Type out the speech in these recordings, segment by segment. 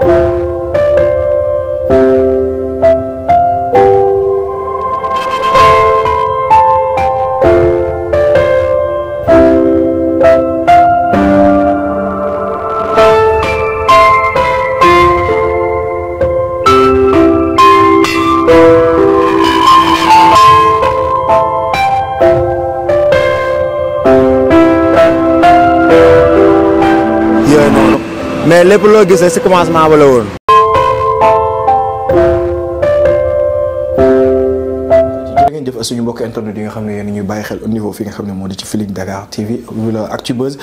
thank you mais lépp loo gisee si commencement ba la woon. jëf suñu mbokk internet yi nga xam ne yéen ñuy bàyyi xel au fi nga xam ne moo di ci Feeling Dakar TV wala Actubuzz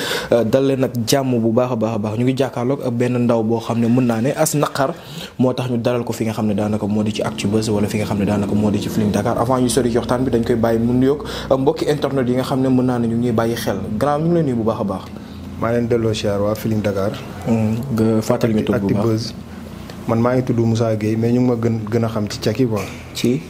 dal leen jàmm bu baax a baax a baax ñu ngi jàkkaarloog ak benn ndaw boo xam ne mën naa ne as naqar moo tax ñu dalal ko fi nga xam ne daanaka moo di ci Actubuzz fi nga xam ne daanaka moo di ci Feeling Dakar avant ñu sori waxtaan bi dañ koy bàyyi mu nuyoog mbokki internet yi nga xam ne mën naa ne ñu ngi ñuy bàyyi xel grand ñu leen nuyu bu baax a baax maa leen delloo siyaar waa Feeling Dakar. nga mm, fàttali ñu tur bu baax man maa ngi tudd Moussa Gueye mais ñu ma gën gën a xam ci caki quoi. ci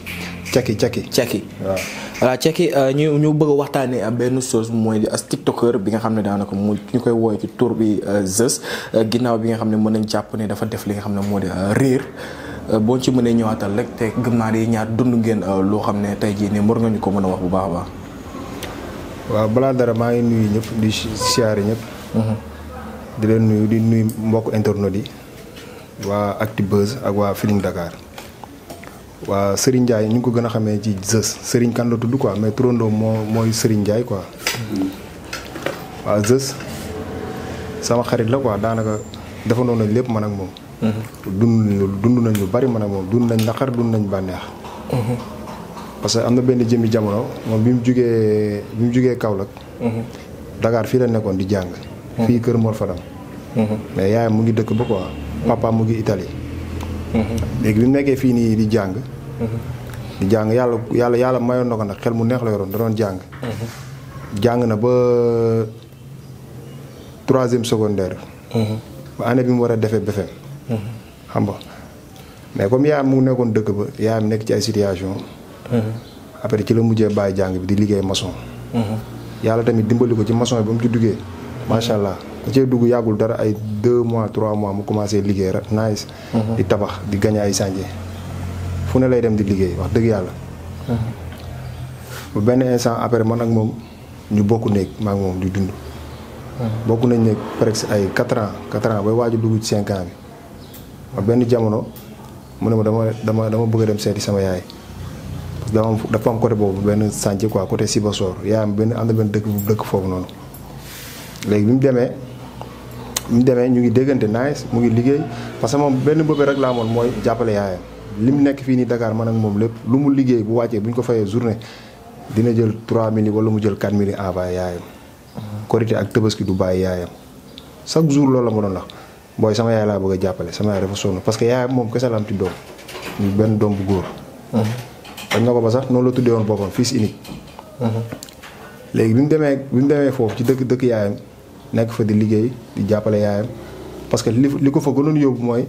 caki caki. caki waaw. voilà euh, ñu ñu bëgg a benn chose mooy as tiktoker bi nga xam ne daanaka mu ñu koy woowee ci tour bi euh, Zeus euh, ginnaaw bi nga xam ne mën nañ jàpp ne dafa def li nga xam ne moo di riir boo ci mënee ñëwaatal rek te gëm naa ne ñaar dund ngeen loo xam ne tey jii nii mën nga ñu ko mën a wax bu baax a baax. waaw balaa dara maa ngi nuyu ñëpp di siyaare ñëpp. di leen nuyu di nuyu mbokk internautes yi waa Actubuzz ak waa Feeling dakaar waa Serigne Ndiaye ñu ngi ko gën a xamee ci Zeus Serigne kan la tudd quoi mais turandoo moo mooy Serigne Ndiaye quoi. waa Zeus sama xarit la quoi daanaka defandoo nañ lépp man ak moom. dund dund nañ lu bari man ak moom dund nañ naqar dund nañ bànneex. parce que am na benn jëmmi jamono moom bi mu jugee bi mu jugee Kaolack. Dakar fii la nekkoon di jàng. fii mhm. kër Mor mhm. mais yaayam mu ngi dëkk ba quoi papa mu ngi Italie mhm. léegi bi mu nekkee fii nii di jàng di jàng yàlla yàlla yàlla mayoon na ko nag xel mu neex la yoroon da doon jàng jàng na ba troisième secondaire ba année bi mu war a defee BFEM xam nga mais comme yaayam mu nekkoon dëkk ba yaayam nekk ci ay situation après ci la mujjee bàyyi jàng bi di liggéey maçon yàlla tamit dimbali ko ci maçon bi ba mu ci duggee macha allah da cee dugg yàggul dara ay deux mois trois mois mu commencé liggéey rek nice mhm. di tabax di gañ ay sànje fu ne lay dem di liggéey wax dëgg yàlla. Mhm. bu benn instant après man ak moom ñu bokk néeg maa ngi moom di dund. Mhm. bokk nañ néeg presque ay quatre ans quatre ans bay waaj a dugg ci cinq ans bi. benn jamono mu ne ma dama dama dama bëgg a dem seeti sama yaay. parce que dafa am côté boobu benn sànce quoi côté Sibassor yaayam benn am na benn dëkk bu dëkk foofu noonu. léegi bi mu demee bi mu demee ñu ngi déggante nice mu ngi liggéey parce que moom benn boobee rek laa amoon mooy jàppale yaayam li mu nekk fii nii Dakar man ak moom lépp lu mu liggéey bu wàccee bu ñu ko fayee journée dina jël 3000 wala mu jël 4000 envoyé yaayam. korité ak tabaski du bàyyi yaayam chaque jour loolu la ma doon wax booy sama yaay laa bëgg a jàppale sama yaay dafa sonn parce que yaayam moom kese la am ci doom ñu benn doom bu góor. dañ na ko sax noonu la tuddee woon boppam fils unique. Mhm. léegi bi mu demee bi mu demee foofu ci dëkk dëkk yaayam. nekk fa di liggéey di jàppale yaayam parce que li li ko fa gënoon yóbbu mooy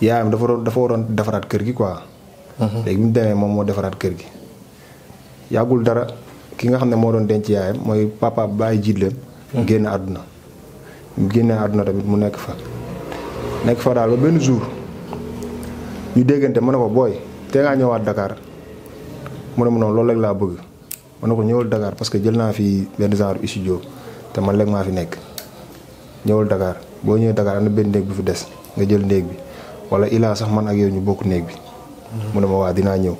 yaayam dafa doon dafa waroon defaraat kër gi quoi. Mhm. léegi bi mu demee moom moo defaraat kër gi. yàggul dara ki nga xam ne moo doon denc yaayam mooy papa bàyyi jiit leen. génn àdduna. mu génne àdduna tamit mu nekk fa. nekk fa daal ba benn jour ñu déggante mën a ko booy te ngaa ñëwaat dakaar mu ne ma noonu loolu rek laa bëgg ma ne ko ñëwal Dakar parce que jël naa fi benn genre studio te man léeg maa fi nekk ñëwul dakaar boo ñëwee dakaar am na benn néeg bu fi des nga jël néeg bi wala ilaa sax man ak yow ñu bokk néeg bi. Mhm. mu ma waa dinaa ñëw.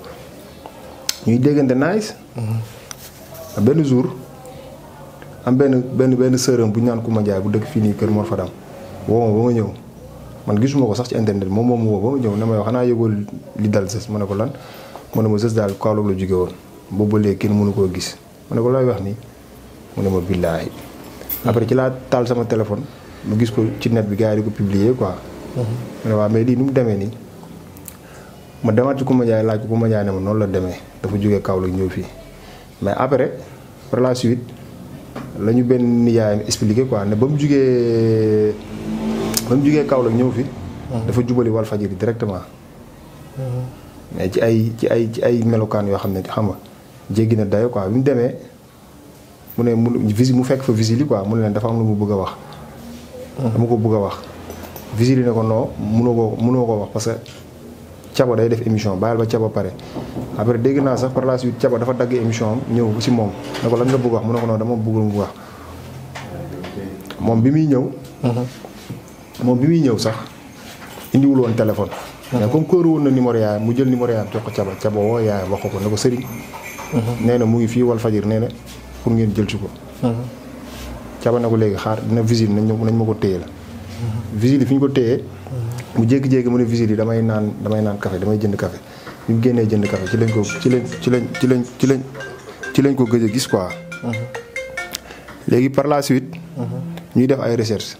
ñuy déggante nice. Mhm. benn jour am benn benn benn sërëm bu ñu naan ku ma jaay bu dëkk fii nii Kër Mor Fadam woo ma ba ma ñëw man gisuma ko sax ci internet moom moom woo ba ma ñëw ne ma yow xanaa yëgoo li dal sës ma ne ko lan ma ne ma sës daal Kaolack la jóge woon boobu ba léegi kenn mënu koo gis ma ne ko lay wax nii mu ne ma billaahi après ci laa taal sama téléphone mu gis ko ci net bi gaa yi di ko publier quoi. Mhm. ma ne waaw mais lii nu mu demee nii ma demaat ci Koumba Ndiaye laaj ko Koumba Ndiaye ne ma noonu la demee dafa jógee Kaolack ñëw fii mais après par ñu benn nijaayam expliqué quoi ba mu jugee ba jugee Kaolack ñëw fi. Mhm. dafa jubali wal fajiri directement. Mhm. mais ci ay ci ay ci ay melokaan yoo xam ne xam nga jéggi na dayo quoi bi mu demee. mu ne mu visi mu fekk fa visile yi quoi mu ne leen dafa am lu mu bëgg a wax. dama ko bëgg a wax. visile yi ne ko non mënoo ko mënoo ko wax parce que caba day def émission bàyyil ba caba pare. après dégg naa sax par la suite caba dafa dagg émission am ñëw si moom ne ko lan nga bëgg wax mu ne ko non dama bëggul a wax. moom bi muy ñëw. moom bi muy ñëw sax indiwul woon téléphone. mais comme kóoru woon na numéro yaayam mu jël numéro yaayam jox ko caba caba woo yaayam wax ko ko mu ngi fii Walfadjri nee pour ngeen jël ci ko. Uh-huh. caba ko léegi xaar dina vigile nañ ma nañ ma ko téye la. vigile yi fi ñu ko téye. Uh-huh. mu jékki-jékki mu ne vigile yi damay naan damay naan café damay jënd café ñu génnee jënd café ci lañ ko ci lañ ci lañ ci lañ ci lañ ci lañ ko gëj a gis quoi. Uh-huh. léegi par la suite. ñuy def ay recherche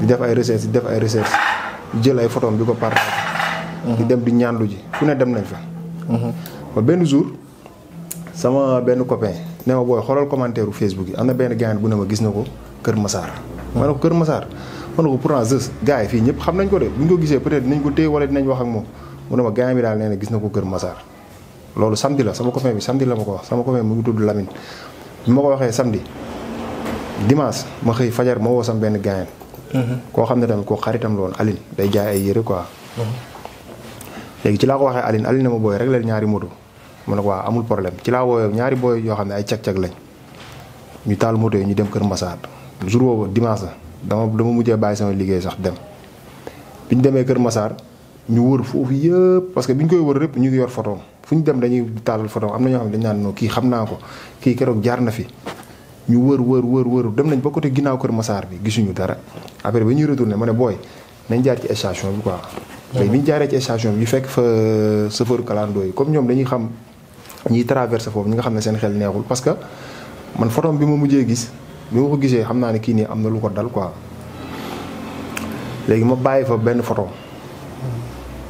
di def ay recherche di def ay recherche jël ay photos bi ko partage. di dem di ñaanlu ji fu ne dem nañ fa. benn jour sama benn copain. ne ma booy xoolal commentaire u Facebook yi am na benn gaañ bu ne ma gis na ko Kër Massar. ma ne ko Kër Massar ma ne ko pourtant Zeus gars yi fii ñëpp xam nañ ko de bu ñu ko gisee peut être dinañ ko téye wala dinañ wax ak moom mu ne ma gaañ bi daal nee na gis na ko Kër Massar. loolu samedi la sama copain bi samedi la ma ko wax sama copain mu ngi tudd Lamine bi ma ko waxee samedi dimanche ma xëy fajar ma woo sam benn gaañ. Mhm. koo xam ne tamit ko xaritam la woon Aline day jaay ay yére quoi. Mhm. léegi ci laa ko waxee Aline Aline na ma booy rek ñaari moto. mu ne ko waaw amul problème ci laa wooyoo ñaari booy yoo xam ne ay cag-cag lañ ñu taal moto yi ñu dem Kër Masar jour boobu dimanche la dama dama mujjee bàyyi sama liggéey sax dem bi ñu demee Kër Masar ñu wër foofu yëpp parce que bi ñu koy wër rëpp ñu ngi yor photo fu ñu dem dañuy taalal photo am na ñoo xam ne kii xam naa ko kii keroog jaar na fi ñu wër wër wër wër dem nañ ba côté ginnaaw Kër Masar bi gisuñu dara après ba ñuy retourné ma ne booy nañ jaar ci station bi quoi. léegi bi ñu jaaree ci station bi ñu fekk fa euh, chauffeur kalandoo yi comme ñoom dañuy xam ñiy traversé foofu ñi nga xam ne seen xel neexul parce que man photo bi ma mujjee gis bi ma ko gisee xam naa ne kii nii am na lu ko dal quoi léegi ma bàyyi fa benn photo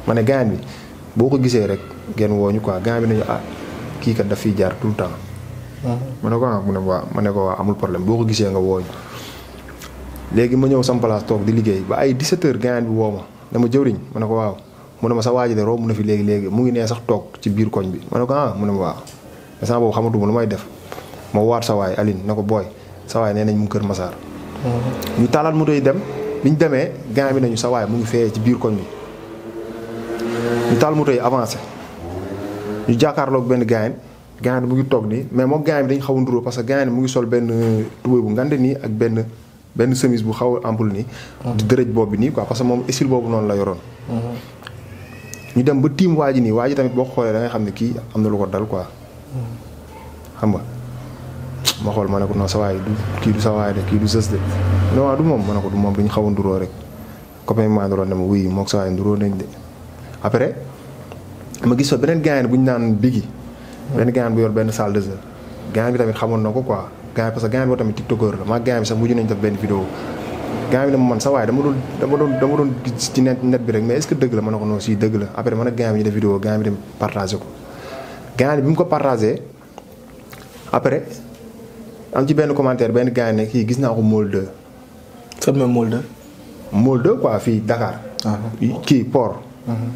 ma ne gaan bi boo ko gisee rek ngeen wooñu quoi gaan bi nañu ah kii kat daf fiy jaar tout le temps. ma ne ko ah, mu ne ma ne ko waa amul problème boo ko gisee nga wooñu léegi ma ñëw sama place toog di liggéey ba ay 17 heures bi woo ma dama jëwriñ ma ne ko waaw. mu ne ma sa waa ji de mun a fi léegi léegi mu ngi nee sax toog ci biir koñ bi ma ne ko ah mu ne ma waaw instant boobu xamatuma lu may def moo waat sa waay Aline na ko booy sa waay nee nañ mu kër Masaar. Mm-hmm. ñu taalaat moto yi dem bi ñu demee gain bi nañu sa waay mu ngi fee ci biir koñ bi ñu taal moto yi avancé ñu jàkkaarloog benn gain gain mu ngi toog nii mais moo gain bi dañ xaw a nduróo parce que gain mu ngi sol benn tubéy bu ngande nii ak benn benn chemise bu xaw a ampoule nii. Mm-hmm. di dërëj boobu nii quoi parce que moom style boobu noonu la yoroon. Mm-hmm. ñu dem ba tiim waa ji nii waa ji tamit boo xoolee da ngay xam ne kii am na lu ko dal quoi. xam na ma xool ma ne ko non sa waay du kii du sa waay de kii du sës de non waaw du moom ma ne ko du moom duñ xaw a nduroo rek copain maa nduroo ne ma wuy moog sa nañ de. après ma gis fa beneen gaañan bu ñu naan bigi beneen gaañan bu yor benn salle de jeu gaañan bi tamit xamoon na ko quoi gaañan parce que gaañan boo tamit tiktokeur la maa gaañan bi sax mujj nañ def benn vidéo gaa bi ne ma man sa waay dama doon dama doon dama doon gis ci net bi rek mais est ce que dëgg la ma ne ko non si dëgg la après man a gaa bi bi ko. mu ko partagé après am ci benn commentaire benn gaa kii gis naa ko Môle 2. sëb na Môle 2. fii Dakar. Ah, kii port. Mhm.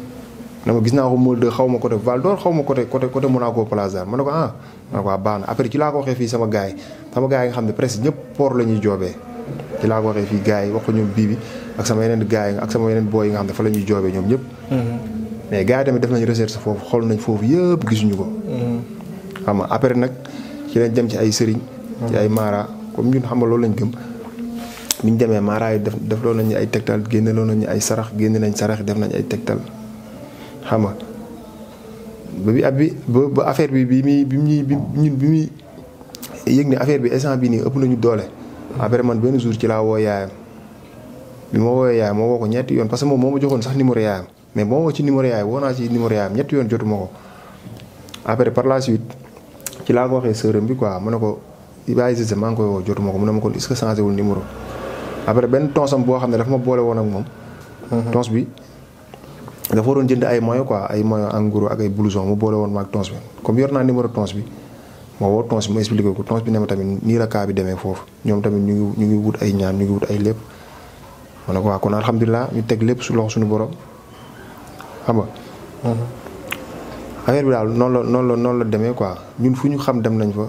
na ma naa ko Môle 2 xaw ma côté Val d'Or xaw ma côté côté côté Monaco Plaza ma ne ko ah. waaw ah, baax na après ci laa ko waxee fii sama gars yi sama gars yi nga xam ne presque ñëpp port la ñuy joobee. ci laa ko waxee fii gars yi wax ko ñoom bii bi ak sama yeneen gars yi ak sama yeneen booy yi nga xam ne fa la ñuy ñoom ñëpp mm-hmm. mais gars yi tamit def nañ recherche foofu xool nañ foofu yëpp gisuñu ko mm-hmm. xam nga après nag ci lañ dem ci ay sëriñ ci ay maara comme ñun xam nga loolu lañ gëm bi demee maara yi def def loolu nañu ay tegtal génne loolu ñu ay sarax génne nañ sarax def nañ ay tegtal xam nga bi ab bi ba affaire bi bi muy bi muy bi ñun bi muy yëg ne affaire bi instant bi nii ëpp nañu doole après man benn jour ci laa woo yaayam bi ma woowee yaayam ma woo ko ñetti yoon parce que moom moo ma joxoon sax numéro yaayam mais moo woo ci numéro yaayam woo naa ci ñetti yoon jotuma ko après par la suite ci laa ko waxee sërëm bi quoi mu ne ko Iba Cissé maa ngi koy woo jotuma ko mu na ma kon est-ce que changé wul numéro après benn tonsam boo xam ne dafa ma boole woon ak moom. Mhm. tons bi dafa waroon jënd ay moyo quoi ay moyo en gros ak ay blouson mu boole woon maag tons bi comme yor naa bi. ma woo tons bi ma expliqué ko tons bi ne ma tamit nii la kaa bi demee foofu ñoom tamit ñu ngi ñu ngi wut ay ñaan ñu ngi wut ay lépp ma waa kon alhamdulilah ñu teg lépp su loxo suñu borom xam nga. Mm-hmm. daal noonu la noonu noonu la demee quoi ñun fu ñu xam dem nañ fa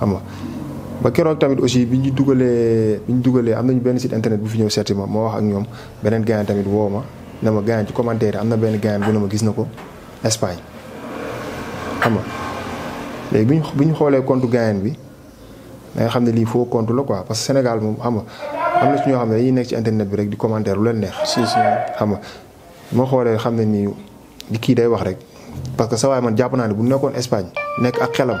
xam nga ba keroog tamit aussi bi ñu dugalee bi am nañu benn site internet bu fi ñëw seeti ma ma wax ak ñoom beneen gaañ tamit woo ma ne ma gaañ ci commentaire am na benn gaañ bu ne ma gis na ko Espagne xam léegi bu ñu bi ñu xoolee compte Gayen bi da xam ne lii foo compte la quoi parce que Sénégal moom xam am na ci ñoo xam ne dañuy nekk ci internet bi rek di commentaire lu leen neex. si si xam ma moo xoolee xam ne nii kii day wax rek parce que sa man jàpp naa ne bu nekkoon Espagne nekk ak xelam.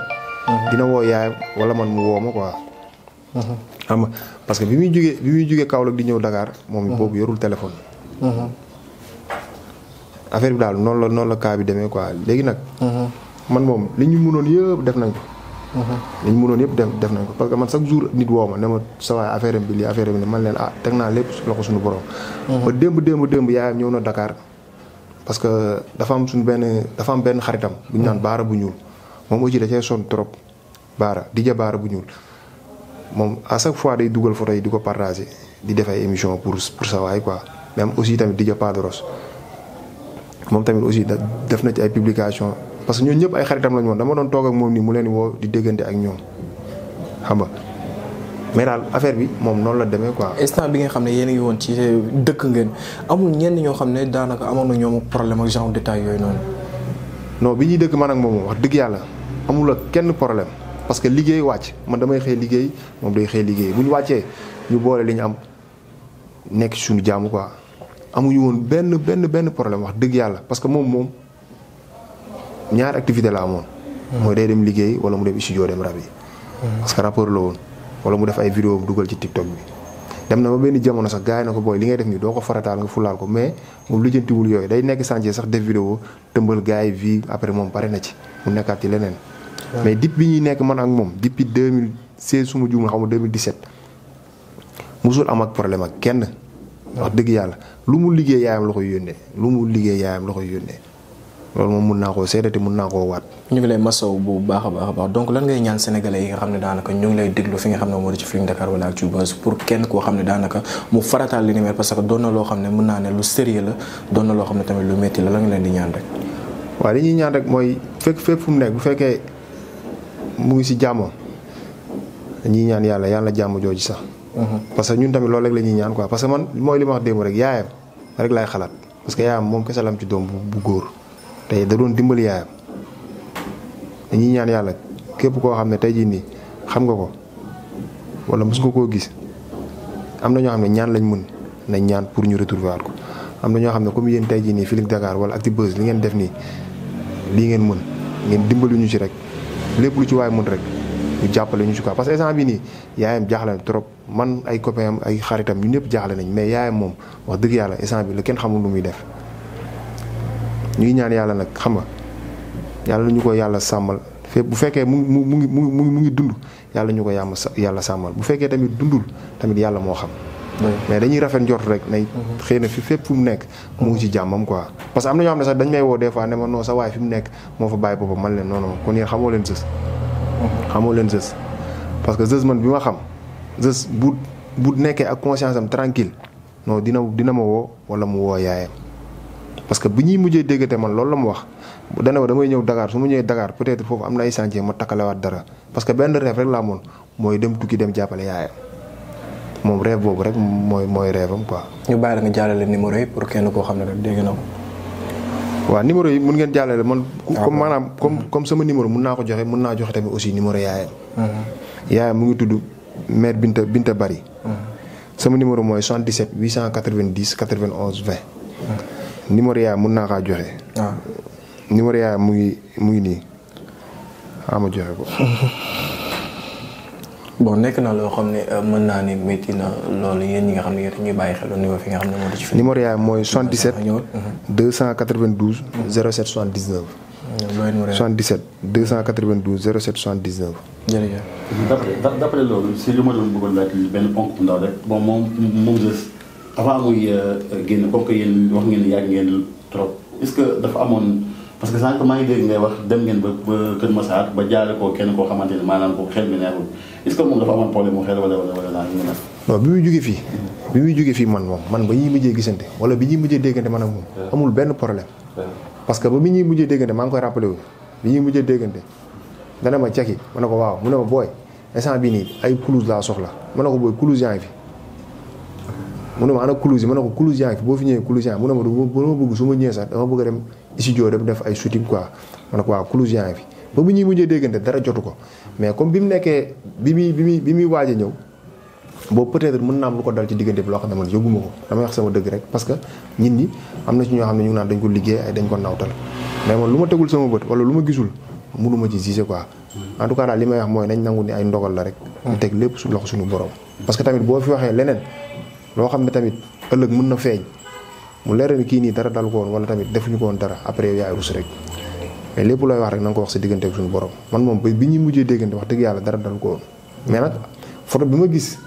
Mhm. dina woo yaayam wala man mu woo ma quoi. Mhm. xam nga parce que bi muy jugee bi muy jugee Kaolack di ñëw dakaar moom mhm. boobu yorul téléphone. affaire bi daal noonu la noonu la cas bi demee quoi léegi nag. man moom li ñu munoon yëpp def nañ ko. Mhm. li ñu mënoon yëpp def def nañ ko parce que man chaque jour nit woo ma ne ma sa waay affaire bi lii affaire bi man leen ah teg naa suñu borom. Mhm. ba démb démb démb yaayam ñëw na dakaar parce que dafa am suñu benn dafa am benn xaritam. bu ñu naan mhm. baara bu ñuul moom aussi da cee sonn trop baara di ja baara bu ñuul. moom à chaque fois day dugal photo yi di ko partager di def ay émission pour pour sa waay quoi même aussi tamit di ja Padros moom tamit aussi def na ci ay publication parce que ñooñu ñëpp ay xaritam lañu woon dama doon toog ak moom nii mu leen woo di déggante ak ñoom xam nga mais daal affaire bi moom noonu la demee quoi. instant bi ngay xam ne yéen a ngi woon ci dëkk ngeen amul ñenn ñoo xam ne daanaka amoon na ñoom problème ak genre détail yooyu noonu. non bi ñuy dëkk man ak moom wax dëgg yàlla amul ak kenn problème parce que liggéey wàcc man damay xëy liggéey moom day xëy liggéey bu ñu wàccee ñu boole li ñu am nekk ci suñu jàmm quoi amuñu woon benn benn benn problème wax dëgg yàlla parce que moom moom. ñaari activité la amoon. mooy day dem liggéey wala mu dem studio dem rab yi. Hmm. parce que la woon wala mu def ay vidéo dugal ci TikTok bi. dem na ba benn jamono sax gars yi na ko booy li ngay def nii doo ko farataal nga fulaal ko mais moom lijjantiwul yooyu day nekk chantier sax def vidéo tëmbal gars yi vie après moom pare na ci mu nekkaat ci leneen. Hmm. mais dip bi ñuy nekk man ak moom depuis 2016 su ma juumul xaw ma 2017. musul am ak problème ak kenn. wax hmm. dëgg yàlla lu mu liggéey yaayam la koy yónnee lu mu liggéey yaayam la koy yónnee. loolu moom mun naa koo seede te mun naa koo waat. ñu ngi lay masaw bu baax a baax a baax donc lan ngay ñaan sénégalais yi nga xam ne daanaka ñu ngi lay déglu fi nga xam ne moo di ci Feeling Dakar wala ak ci Buzz pour kenn koo xam ne daanaka mu farataal li ni mel parce que doon na loo xam ne mun naa ne lu sérieux la doon na loo xam ne tamit lu métti la la nga leen di ñaan rek. waaw li ñuy ñaan rek mooy fekk fépp fu mu nekk bu fekkee mu ngi si jàmm ñi ñaan yàlla yàlla jàmm jooju sax. Mhm. parce que ñun tamit loolu rek la ñuy ñaan quoi parce que man mooy wax démb rek yaayam rek laay xalaat parce que moom kese la am ci doom bu góor tey da doon dimbali yaayam dañuy ñaan yàlla képp koo xam ne tey jii nii xam nga ko wala mos nga koo gis am na ñoo xam ne ñaan lañ mën nañ ñaan pour ñu retrouver ko am na ñoo xam ne comme yéen tey jii nii Feeling Dakar wala Actubuzz li ngeen def nii lii ngeen mën ngeen dimbali ñu ci rek lépp lu ci waay mën rek ñu jàppale ñu ci quoi parce que instant bi nii yaayam jaaxle na trop man ay copain ay xaritam ñu ñëpp jaaxle nañ mais yaayam moom wax dëgg yàlla instant bi la kenn xamul lu muy def. ñu ngi ñaan yàlla nag xam nga yàlla ñu ko yàlla sàmmal fépp bu fekkee mu mu mu ngi mu ngi dund yàlla ñu ko yàmm yàlla sàmmal bu fekkee tamit dundul tamit yàlla moo xam. mais dañuy rafet njort rek nay xëy na fi fépp fu mu nekk mu ngi ci jàmmam quoi parce que am na ñoo xam ne sax dañ may woo des fois ne ma non sa waay fi mu nekk moo fa bàyyi boppam man leen non non kon yéen xamoo leen sës xamoo leen sës parce que sës man bi ma xam sës bu bu nekkee ak conscience am tranquille non dina dina ma woo wala mu woo yaayam parce que bu ñuy mujjee déggante man loolu la mu wax dana ma damay ñëw Dakar su ma ñëwee Dakar peut-être foofu am na ay chantier ma takkalewaat dara parce que benn rêve rek laa moon mooy dem tukki dem jàppale yaayam moom rêve boobu rek mooy mooy rêve am quoi. ñu bàyyi la jàllale numéro yi pour kenn koo xam ne rek dégg na ko. waaw numéro yi mun ngeen jàllale man. Ah comme maanaam comme mm-hmm. comme sama numéro mun naa ko joxe mun naa joxe tamit aussi numéro yaayam. Mm-hmm. yaa mu ngi tudd mère Binta Binta Bari. Mm-hmm. sama numéro mooy 77 890 91 20. numéro yaay mun naa kaa joxe. waaw ah. yaay mu ngi mu ngi nii ama ah, joxe ko. bon nekk na loo xam ne euh, mën naa ne métti na loolu yéen ñi nga xam ne yéen ñuy bàyyi xel au niveau fi nga xam ne moo di ci. numéro yaay mooy 77. 292. 07 79. looy numéro yaay 77 292 07 79. jërëjëf. d'après d'après loolu si li ma doon bëggoon laaj benn ponk ndaw rek bon moom moom avant muy euh, génn comme que wax ngeen yàgg ngeen trop est-ce que dafa amoon parce que sànq maa ngi dégg ngay wax dem ngeen ba ba Kër Massar ba jaare ko kenn koo xamante ne maanaam ko xel bi muy jógee fii bi muy jógee fii man moom man ba ñuy mujjee gisante wala bi ñuy mujjee déggante man ak moom amul benn problème parce que ba mi ñuy mujjee déggante maa ngi koy rappelé wu bi ñuy mujjee déggante dana ma ceki ma ko waaw mu ne ma booy instant bi nii ay pelouse laa soxla ma ne ko booy pelouse yaa ngi mu ne ma ana Koulouzi ma ne ko Koulouzi yaa ngi fi boo fi ñëwee Koulouzi yaa mu ne ma du ma bëgg su ma ñëwee sax dama bëgg a dem studio dem def ay shooting quoi ma ne ko waaw Koulouzi yaa ngi fi ba bu ñuy mujjee déggante dara jotu ko mais comme bi mu nekkee bi muy bi muy bi muy waaj a ñëw boobu peut-être mën naa am lu ko dal ci diggante bi loo xam ne man yóbbuma ko dama wax sama dëgg rek parce que nit ñi am na ci ñoo xam ne ñu ngi naan dañ ko liggéey ay dañ ko nawtal mais man lu ma tegul sama bët wala lu ma gisul mënuma ci gisé quoi en tout cas daal li may wax mooy nañ nangu ni ay ndogal la rek teg lépp su loxo suñu borom parce que tamit boo fi waxee leneen loo xam ne tamit ëllëg mën na feeñ mu leer kii nii dara dal ko woon wala tamit defuñu ko woon dara après yow yaay rus rek mais lépp looy wax rek nan nga ko wax sa diggante ak suñu borom man moom bi ñuy mujjee déggante wax dëgg yàlla dara dal ko woon mais nag photo bi ma gis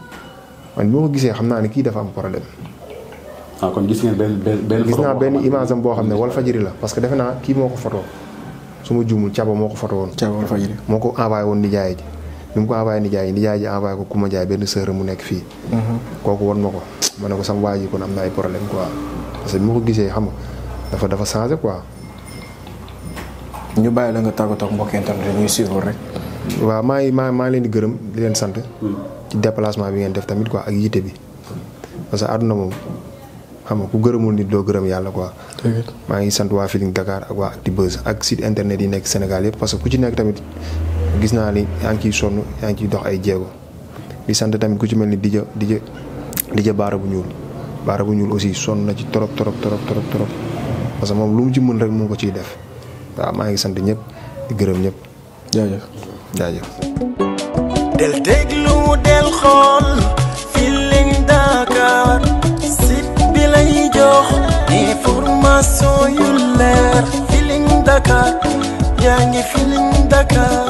man bi ma ko gisee xam naa ne kii dafa am problème. ah kon gis ngeen benn benn benn. gis naa benn image boo xam ne wal fajiri la parce que defe naa kii moo ko foto su ma juumul Thiaba moo ko photo woon. Thiaba wal fajiri moo ko envoyé woon nijaay ji. bi mu ko envoyé nijaay yi nijaay ji envoyé ko ku ma jaay benn sœur mu nekk fii. Mhm. kooku won ma ko ma ne ko sama waa ji kon am na ay problème quoi que bi ma ko gisee xam nga dafa dafa changé quoi. ñu bàyyi la nga tàggatoo ak mbokk yi tamit dañuy maa ngi maa maa leen di gërëm di leen sant. ci bi ngeen def tamit quoi ak yitte bi parce que àdduna moom xam nga ku gërëmul nit doo gërëm yàlla quoi. maa ngi sant waa Feeling Dakar ak waa Actubuzz ak site internet yi nekk Sénégal yëpp parce que ku ci nekk tamit gis naa ni yaa ngi ciy sonn yaa ngi ciy dox ay jéego di sant tamit ku ci mel ni dija dija dija baara bu ñuul baara bu ñuul aussi sonn na ci trop trop trop trop trop parce que moom lu mu ci mën rek mu ngi ko ciy def waaw maa ngi sant ñëpp di gërëm ñëpp. del déglu del xool Feeling Dakar site bi lay jox information yu leer Feeling Dakar yaa ngi Feeling Dakar.